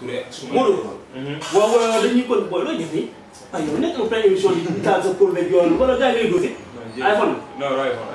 Touré ak Soumare Diop. waaw waaw dañuy kon booy loo def nii. waaw yow nekk na pleine émission bi di taal sa kóol beeg yoon wala gars yi ngay dóose. iPhone non non iPhone.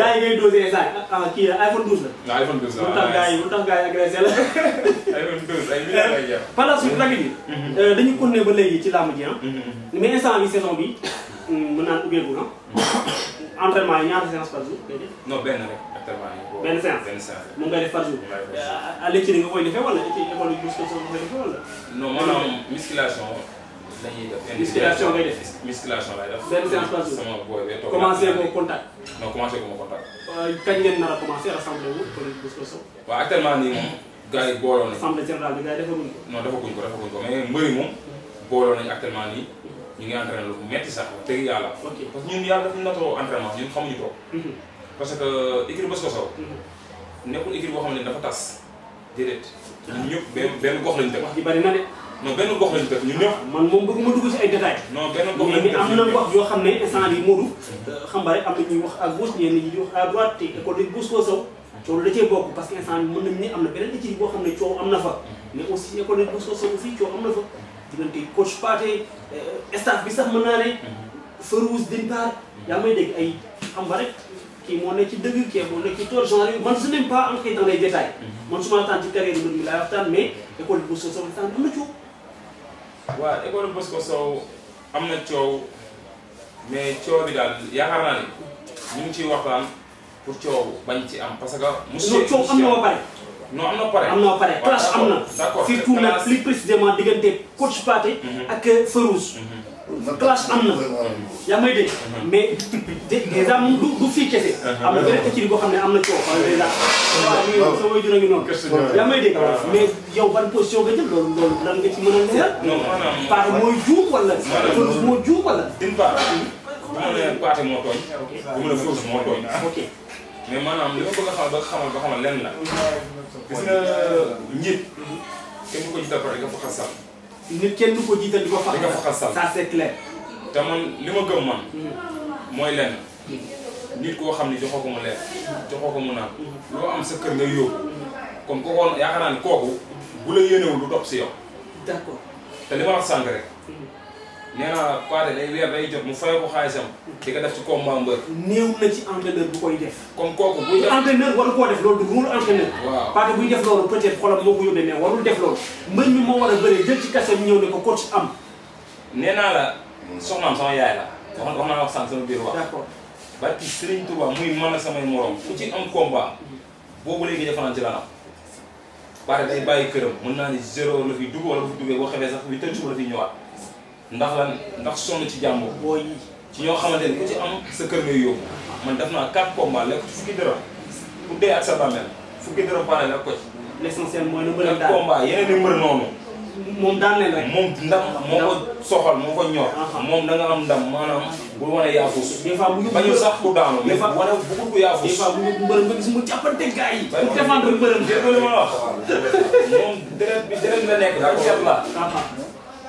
gars yi ngay dóose kii iPhone iPhone 12 la tax gars yi lu tax gars yi iPhone 12 ay milliards lay jar. par la suite nag dañu continuer ba léegi ci làmb ji mais instant bi saison bi. mën naa ubbeeku ah. entraînement yi ñaata séance par jour ngay def. non benn rek entraînement benn séance benn séance moom ngay def par jour. à lecture nga koy defee wala ci école yi nga koy defee wala. non maanaam musculation la ñuy def. musculation ngay def musculation lay def. benn séance par jour sama booy bee toog commencé ko contact. non commencé ko ma contact. Euh, kañ ngeen nar a commencé rassemblé wu pour musculation. waaw actuellement nii moom gars yi booloon nañu. ko. non ko defaguñ ko mais mbëri moom booloon nañu actuellement nii. ñu ngi entraîné lu metti sax wax yàlla. ok parce que ñun yàlla dafa natoo entraînement ñun xamuñu ko. Mhm. parce que équipe Bës Kosow. Mhm. nekkul équipe boo xam ne dafa tas déedéet. ñun ñëpp benn benn gox lañu bari na de. non benn gox lañu def ñun ñëpp. man moom bëgguma dugg ci ay détails. non benn gox lañu def am na gox yoo xam ne euh, ñuy wax à gauche ñenn ñi di wax à droite parce que instant bii mën nañu ne am na beneen équipe xam ne coow am na fa. Mhm. mais aussi école de Bës Kosow aussi coow am na fa diggante coach Pathé eh, staff bi sax mën naa ne. Mhm. Farouz d'une part. yaa may dégg ay xam nga rek kii moo nekk ci dëgg kii moo nekk ci tool genre yooyu man je n'aime pas entrer dans les détails. Mhm. man su ma la tànn ci carrière mbir mi laay waxtaan mais école bu Bosco Sow tànn am na coow. waaw école bu Bosco Sow am na coow mais coow bi daal yaakaar naa ne ñu ngi ciy waxtaan pour coow bañ ci am parce que. monsieur coow am na ba pare. non am na pare am na pare clash am na. surtout nag plus précisément diggante coach Pathé. Mhm. ak Ferouz. Mhm. clash am na. Mhm. yaa may dégg. mais de moom du fii kese. am na benn équipe boo xam ne am na coow. waaw dèjà waaw sama jur a ngi noonu. yaa may dégg mais yow ban position nga jël loolu a mooy juum wala. Ferouz moo juum wala. d'une part bu ma nee Pathé moo mais maanaam li ma bëgg a xamal ba xamal ba xamal lenn la. gis nga njiit. kenn ko jiital pare di ko fa xasal. nit kenn du ko jiital di ko fa xasal ça c'est clair. te man li ma gëm man. Hmm. mooy lenn. nit koo xam ne joxoo ko mu leer. joxoo ko mu naan. loo am sa kër nga yóbbu. comme ko woon yaakaar naa ne kooku. bu la yéenewul du topp si yow. te li ma wax sànq hmm. nee naa Pathé day weer day jot mu fay ko xaalisam. di ko def ci combat mbër. néew na ci entraîneur bu koy def. comme kooku bu def entraîneur waru def loolu du rôle entraîneur. waaw Pathé buy def loolu peut être ko yóbbee warul def loolu mbër mi moo war a bëree jël ne ko coach am. nee naa wax naa wax sànq sama biir wax. d' accord barki Serigne Touba muy man ak samay boobu léegi dafa naan ci la am. Pathé day bàyyi këram mën naa ni zéro la fi dugg wala bu fi duggee boo xamee sax huit heures la fi ñëwaat. ndax lan ndax sonn ci jàmbur ci ñoo xamante ni ku ci am sa kër ngay ma man def naa quatre combats lekk ci fukki dërëm bu dee ak sa bàmmeel fukki dërëm pare lekk ko ci. l'essentiel mooy na mbër daal combat yeneen i mbër noonu. moom daan moom moo ko soxal moo ko ñor. Ah, ah. moom da am ndam maanaam bul wane yaafus. des fois bu ñu bañu sax ku daanu. des fois wane bëggul ku yaafus. des fois bu ñu mbërëm nga gis mu jàppante gaa yi. pour défendre mbërëm. dégg nga li ma la wax moom deret bi deret la nekk. d'accord la. Ah,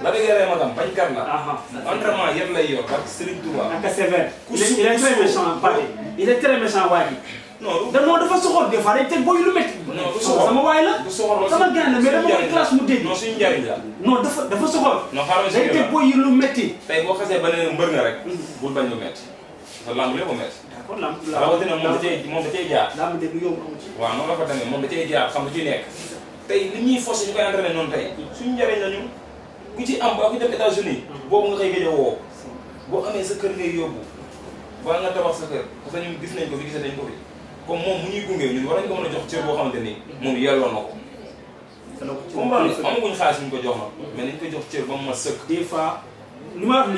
la da ngay madame bañkat la. entraînement yëpp lay yor ak Serigne Touba. ak sévère. ku su il est très méchant Bade il est très méchant waa ba ne mbër nga hmm. a métti. d'accord lamb da cee noonu la ko demee moom da cee jaar xam lu ci nekk. tey li ñuy force ñu koy entraîné noonu tey suñu njariñ la ñun ku ci am ba ku dem États-Unis boobu nga koy gëj a woo boo amee sa kër ngay yóbbu ba nga tabax sa kër parce que ñun gis nañ ko fi gisee nañ ko fi comme moom mu ñuy gunge ñun war nañ ko mën a jox cër boo xamante ni moom yelloo na ko comme ba amaguñ xaalis ñu ko jox na mais nañ ko jox cër ba mu ma sëkk des fois lu ma wax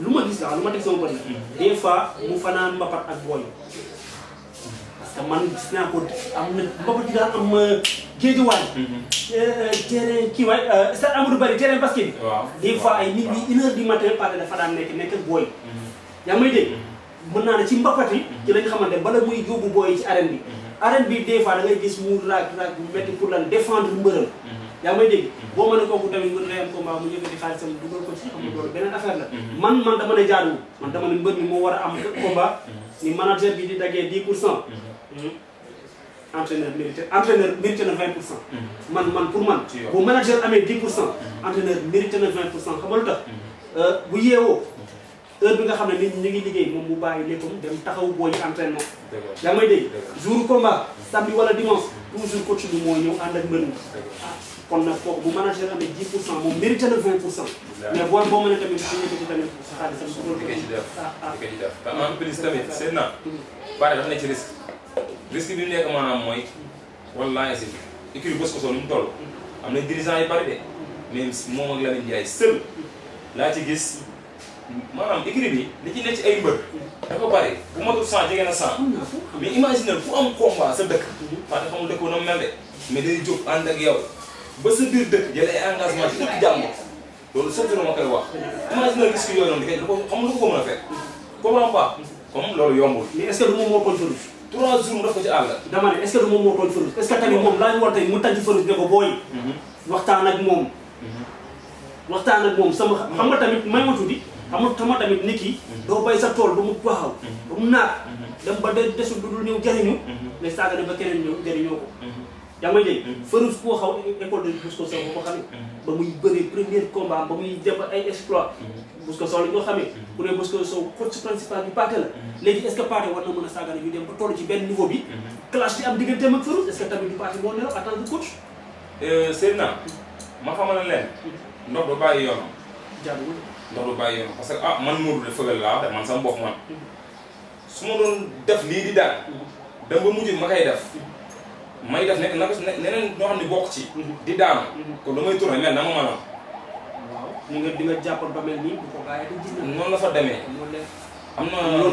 lu ma gis la lu ma mu fanaan mbapat ak booy parce que man gis ko am am géejuwaay. Mhm. Euh, euh, terrain kii waay euh, stade Amadou Barry terrain basket. waaw des fois ay nit ñi une heure du matin pare dafa daan nekk nekk booy. Mhm. yaa ngi may dégg. Mhm. mën naa ne ci mbapat yi. ci lañ xamante bala muy yóbbu booy ci arène bi. arène bi des fois da ngay gis mu raag raag mu métti pour lan défendre mbërëm. yaa ngi may dégg boo mën a kooku tamit mën na am combat mu yëkkati xaalisam dugal ko ci amul loolu beneen affaire la. man man dama ne jaaduwul man dama ne mbër mi moo war a am combat. ni manager di daggee 10 pour entraîneur mérité entraîneur mérité na 20 pour mm-hmm. man man pour man. bu manager amé 10 pour mm-hmm. entraîneur mérité na 20 pour tax euh nga lu tax. Mm-hmm. Euh, bu yeewoo heure bi nga xamné ne nit ñi ngi liggéey mom bu bàyyi léppam dem taxaw booy entraînement. yaa may dégg jour combat samedi wala dimanche toujours coach bi mo ñëw and ak mbër ah, kon na kooku bu manager amé 10 mom cent na 20 mais boo boo mënee tamit suñu yëkkati tamit xaalisam. ah ah di ko def di ko ci def. ah ah. di ko ci def te en plus tamit mm. seen naa. bari dafa nekk ci risque. risque bi mu nekk maanaam mooy wallaahi si écurie bës ko soo ni mu toll am na dirigeant yu bari de mais moom ak Lamine Ndiaye seul laa ci gis maanaam écurie bi li ci nekk ay mbër dafa bari bu matul cent jege na cent mais imaginer fu am combat sa dëkk parce que dëkk woon na mel de mais day jóg ànd ak yow ba sa biir dëkk jël ay engagement ci dëkk jàmm loolu chaque jour ma koy wax imaginer risque yooyu noonu di koy ko ko mën a fekk comprends pas comme loolu yombul est-ce que lu trois jours def ko ci àll. dama ne est ce moom moo tooñ Farouz est ce que tamit moom laa ñu war tey mu tànn Farouz ne ko booy. Mm-hmm. waxtaan ak moom. Mm-hmm. waxtaan ak moom sama mm-hmm. xam nga tamit may ma tuuti. xam nga xam nga tamit nit ki. doo bay sa tool ba mu waaw. ba mu naat. dem ba de desul du dul ñëw jariñu. mais saaga ne ba keneen ñëw jariñoo ko. yaa ngi may dégg. Mm-hmm. faru koo xaw école de Bosco Sow ko xamee. Mm-hmm. ba muy bëri premier combat ba muy def ay exploit. Mm-hmm. Bosco Sow ko xamee. ku ne Bosco Sow coach principal bi Pathé la. léegi est ce que a saagal ñu dem ba toll ci benn niveau bi. clash di euh, ma xamal leen. ndox du bàyyi yoonam. jaaduwul ndox du bàyyi yoonam parce que ah man Mourou de fëgal laa te man sama bopp su ma doon def lii di daal. dem ba ma koy def. may def nekk naka neneen ñoo xam ne bokk ci. Mhm. di daanu. Mhm. kon damay tourné mel na ma mën a. waaw ñu nga di nga jàppoon ba mel nii bu ko bàyyi dañ gis. noonu la fa demee. am na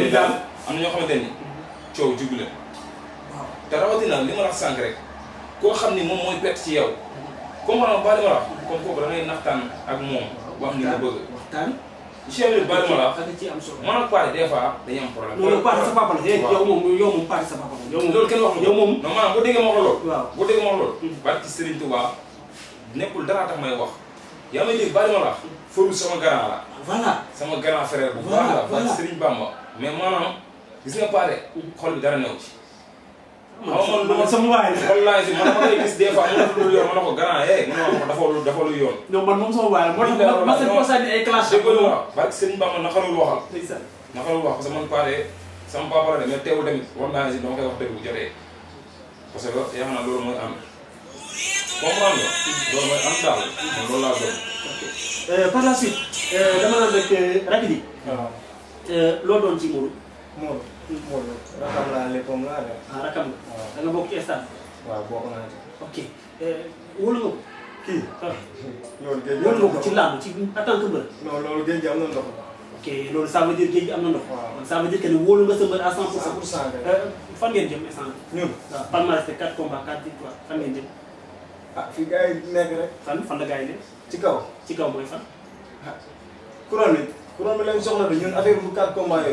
ni daal am na ñoo xamante ni mhm. coow jublu leen. waaw te rawatina li ma wax sànq rek koo xam ni moom mooy pet ci yow. comme maanaam ba li ma wax comme ak moom. wax ni nga bëgg Cheikh Ndiou bàyyi ma la man la yow moom yow moom Paare sa papa la. yow moom non maanaam boo déggee ma loolu. waaw boo déggee ma wax loolu. Mm-hmm. barki Serigne Touba nekkul dara tax may wax. yaa ngi dégg bàyyi ma la Fodou sama grand la. voilà sama grand frère bu baax la. voilà Serigne Bamba mais maanaam gis nga Paare mm-hmm. xol bi dara newu ci. xaw ma sama waay la wallaay si man dama lay gis des fois mu def lu yoon ma ne ko grand eh mu ne ma dafa lu dafa lu yoon. non man moom sama waay la moo tax ma seen posaani ay classe. dëgg la waaw parce que sëñ Bamba naxarul waxal. naxarul wax parce que man pare sama papa la de mais teewul tamit wallaay si dama koy wax dëgg bu jotee parce que yaakaar naa loolu mooy am. comprendre nga. loolu mooy am daal man loolu laa gëm. Euh, par la suite euh, dama naan rek rakk ji. waaw loo doon ci Modou. Modou. Modou Lo. rakam laa léppam laa de. ah rakam la. waaw da nga bokk ci stade. waaw bokk naa ci. ok eh, wóolu nga ko. kii. Ah. loolu géej wóolu nga ko ci làmb ci en tant que mbër. non loolu géej am na ndox. ok loolu ça veut dire géej gi am na ndox. waaw kon ça veut dire que ni wóolu nga sa mbër à 100 pour cent. 100 pour cent euh, fan ngeen jëm instant bi. ñun ah, fan ngeen jëm. ah fi gars yi nekk rek. fan fan la gars yi nekk. ci kaw ci kaw mooy fan. ah couronne bi couronne bi lañ soxla de ñun affaire bu 4 combats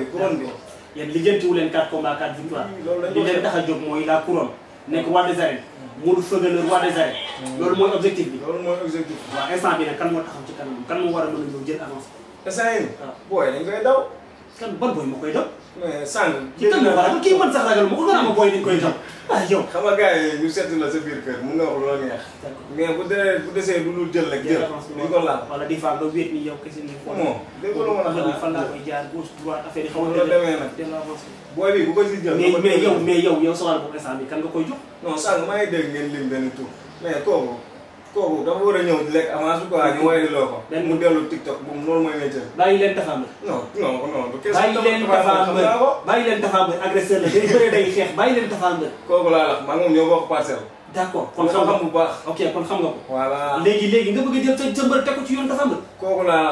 yéen lijjantiwu leen 4 combats 4 li leen tax a mooy la couronne nekk roi des arènes Modou Feugueleu le roi des arènes hmm. loolu mooy objectif bi loolu mooy objectif waaw instant bi nag kan moo taxaw ci kanam kan moo war a mën a ñëw jël avance instant yi ah. booy dañ koy daw kan ban booy ma koy daw mais sànq ci kan ah yow xam nga gars yi ñu seetlu la sa biir kër mun nga wax lu la neex. mais bu dee bu desee lu dul jël rek jël. dañ ko laal wala des fois nga wéet ni yow kese ni. non dégg nga mën a xalaat ah. fan laa koy jaar gauche droite affaire yi xaw na demee nag booy bi bu ko si jël. mais mais yow mais yow yow soxla na ko instant bi kan nga koy jox. non sànq maa ngi dégg ngeen lim benn tur mais kooku. kooku dafa war a ñëw lekk avance loo ko. mu dellu TikTok bu mu mooy métier. bàyyi leen Tapha Mbeur. non non non du kees. bàyyi leen Tapha Mbeur bàyyi leen Tapha Mbeur agresseur la day bëree day xeex bàyyi leen Tapha Mbeur. kooku laa wax maa ngi ñoo bokk parcelle. d' accord kon xam nga bu baax. ok kon xam nga ko. voilà léegi léegi nga bëgg a jël sa jëmbër teg ko ci yoon Tapha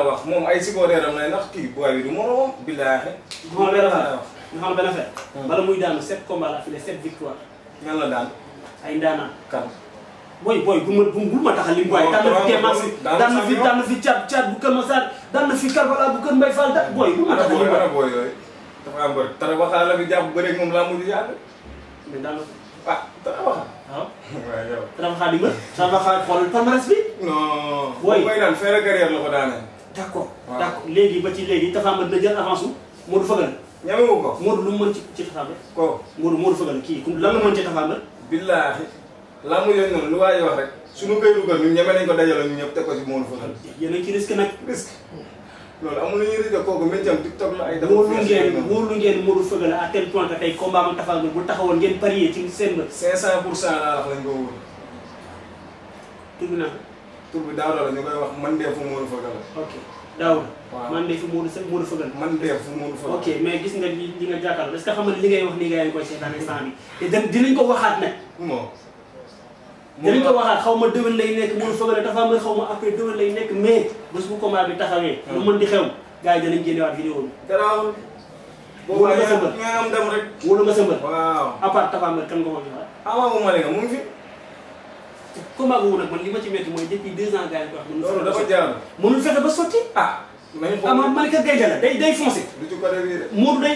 wax moom ay supporteram lay ndax kii booy bi du moroom. billaahi. du ma benn affaire nga xam benn affaire. Hmm. bala muy daanu sept combat la fi ne sept victoire. ñan la daan booy booy bu ma bu ma tax a lim. waaw waaw daan na fi daan na fi caat caat bu Kër Masar daan na fi Karbala bu Kër Mbay Fall da booy. bu ma tax a lim waaw booy yooyu. dafa am booy Tarawaxa la fi jàpp bëreeg moom laa mujj yàgg. mais daan na ah Tarawaxa. waaw ah. waaw yow. Tarawaxa di nga. Tarawaxa xoolal palmarès bi. non. booy booy daan fin de carrière la ko daanee. d' accord d' accord léegi ba ci léegi Tafamba dina jël avance su Modou Fagane. ñeme wu ko Modou lu mu mën ci ci Tafamba. kooku Modou Modou Fagane kii lan la mën ci Tafamba. billaahi làmb yooyu noonu lu waaye wax rek suñu koy dugal ñun ñeme nañ ko dajale ñun ñëpp teg ko ci Modou Feugeul. yéen a ci risque nag. risque loolu amul lu ñuy risque kooku la ay. dafa wóorlu ngeen wóorlu ngeen Modou Feugeul à tel point que tey combat ma Tapha Gueye bu taxawoon ngeen parier wax ñu koy wax man dee fu Modou Feugeul la. ok daaw man de fu Modou sa Modou Feugeul. man mais gis nga li li nga jàkkaarloo xam nga li ngay wax nii gars seetaan instant bi te dinañ ko waxaat nag. dañ ko waxaat xaw ma déwén lay nekk mënu fëgg ne dafa mbër xaw ma après déwén lay nekk mais bés bu combat bi taxawee lu mën di xew gars yi danañ génnewaat vidéo bi garaawul wóolu nga sa mbër nga am dem rek wóolu nga sa mbër ko joxaat ama nag man li ma ci métti mooy depuis deux ans gars yi ko wax loolu dafa jaar mënul fexe ba sotti ah ama ah, Malika Gaye la day day foncé du ci côté ah, bi Modou kay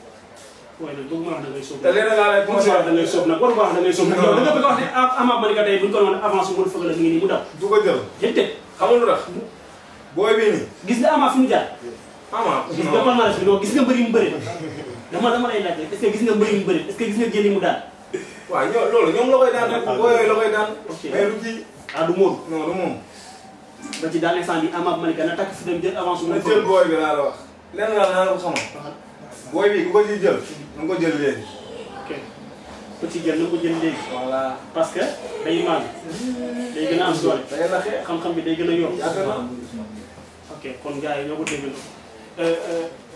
waaye nag bëgg mu wax da ngay sóob. te léeg-léeg laa lay conseillé bëgg mu wax da ngay sóob nag waru mu wax Boy ngay sóob nag. yow da nga bëgg a wax ne Ama Balde tey bu ñu ko doon avance mu fëgg la mi ngi nii mu daw. du ko jël jënte. xamul lu tax booy bii nii. gis nga Ama fi mu jaar. Ama gis nga boy bi non gis booy bi ku ko ciy jël na nga ko jël léegi. ok ku ci jël nga ko jël léegi. voilà parce que day màgg. day gën a am doole. day laxee xam-xam bi day gën a yomb. ok kon gars yi ñoo ko déglu. Euh, euh,